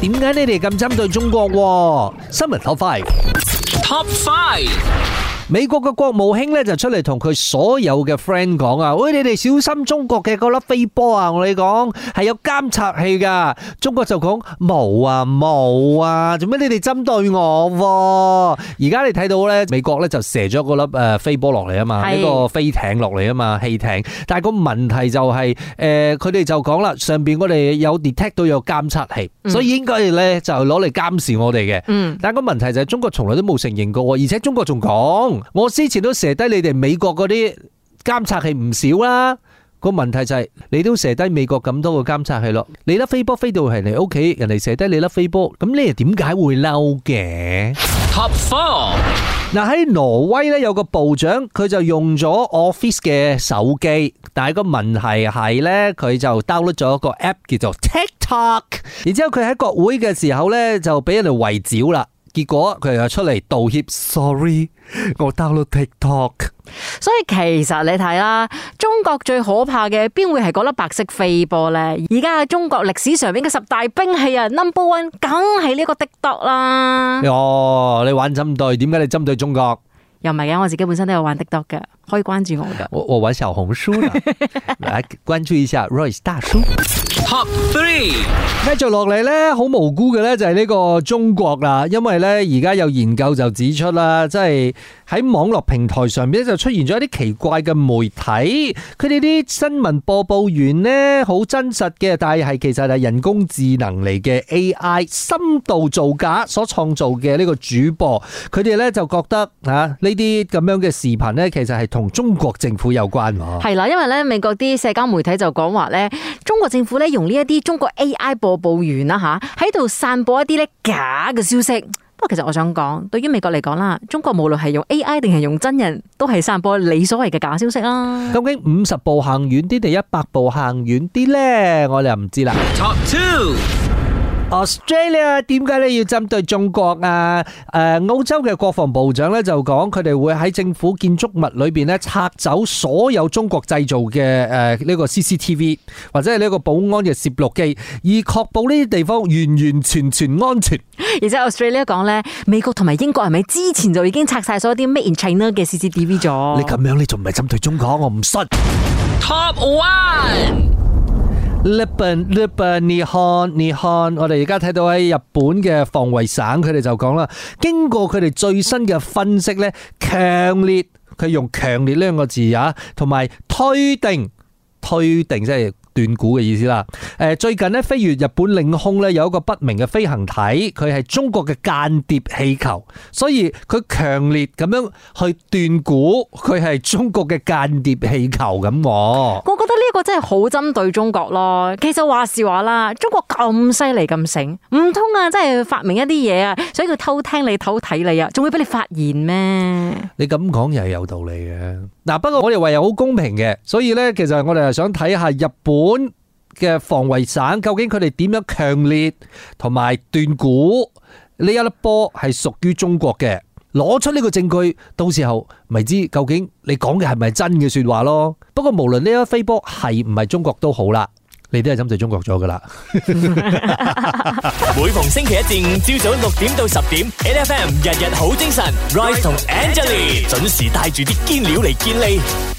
點解你哋咁針對中國喎？新聞好快 top five 美國嘅國務卿咧就出嚟同佢所有嘅 friend 講啊，喂，你哋小心中國嘅嗰粒飛波啊！我哋講係有監測器噶，中國就講冇啊冇啊，做咩你哋針對我？而家你睇到咧，美國咧就射咗嗰粒誒飛波落嚟啊嘛，一個飛艇落嚟啊嘛，氣艇。但係個問題就係誒，佢哋就講啦，上邊我哋有 detect 到有監測器，所以應該咧就攞嚟監視我哋嘅。嗯，但係個問題就係中國從來都冇承認過，而且中國仲講。我之前都射低你哋美國嗰啲監察器唔少啦，個問題就係你都射低美國咁多個監察器咯，你粒飛波飛到人哋屋企，人哋射低你粒飛波，咁你點解會嬲嘅？Top four，嗱喺挪威咧有個部長，佢就用咗 Office 嘅手機，但係個問題係咧，佢就 download 咗一個 app 叫做 TikTok，然之後佢喺國會嘅時候咧就俾人哋圍剿啦。結果佢又出嚟道歉，sorry，我 download TikTok。所以其實你睇啦，中國最可怕嘅邊會係嗰粒白色飛波咧？而家中國歷史上面嘅十大兵器啊，Number One 梗係呢個滴多啦。哦，你玩針對？點解你針對中國？又唔係嘅，我自己本身都有玩滴多嘅，可以關注我噶。我我玩小紅書啦，嚟 關注一下 Royce 大叔。Top three，跟住落嚟呢，好無辜嘅呢，就係呢個中國啦，因為呢，而家有研究就指出啦，即係喺網絡平台上面就出現咗一啲奇怪嘅媒體，佢哋啲新聞播報員呢，好真實嘅，但係其實係人工智能嚟嘅 AI 深度造假所創造嘅呢個主播，佢哋呢，就覺得啊呢啲咁樣嘅視頻呢，其實係同中國政府有關，係啦，因為呢，美國啲社交媒體就講話呢。中國政府咧用呢一啲中國 AI 播報員啦吓，喺度散播一啲咧假嘅消息。不過其實我想講，對於美國嚟講啦，中國無論係用 AI 定係用真人都係散播你所謂嘅假消息啦。究竟五十步行遠啲定一百步行遠啲呢？我哋又唔知啦。Australia 點解你要針對中國啊？誒、呃，澳洲嘅國防部長咧就講，佢哋會喺政府建築物裏邊咧拆走所有中國製造嘅誒呢個 CCTV 或者係呢個保安嘅攝錄機，以確保呢啲地方完完全全安全。而且 Australia 講咧，美國同埋英國係咪之前就已經拆晒所有啲 Made in China 嘅 CCTV 咗？你咁樣你仲唔係針對中國？我唔信。Top one。日本，日本，你看，你看，我哋而家睇到喺日本嘅防衛省，佢哋就講啦，經過佢哋最新嘅分析咧，強烈，佢用強烈咧兩個字啊，同埋推定，推定即係斷估嘅意思啦。誒，最近咧飛越日本領空咧有一個不明嘅飛行體，佢係中國嘅間諜氣球，所以佢強烈咁樣去斷估佢係中國嘅間諜氣球咁。真係好針對中國咯。其實話時話啦，中國咁犀利咁醒，唔通啊，真係發明一啲嘢啊，所以佢偷聽你偷睇你啊，仲會俾你發現咩？你咁講又係有道理嘅，嗱、啊，不過我哋話又好公平嘅，所以呢，其實我哋係想睇下日本嘅防衛省究竟佢哋點樣強烈同埋斷估呢一粒波係屬於中國嘅。攞出呢個證據，到時候咪知究竟你講嘅係咪真嘅説話咯。不過無論呢個飛波係唔係中國都好啦，你都係針對中國咗噶啦。 每逢星期一至五朝早六點到十點，N F M 日日好精神，Rice 同 R ice Angelie 準時帶住啲堅料嚟堅利。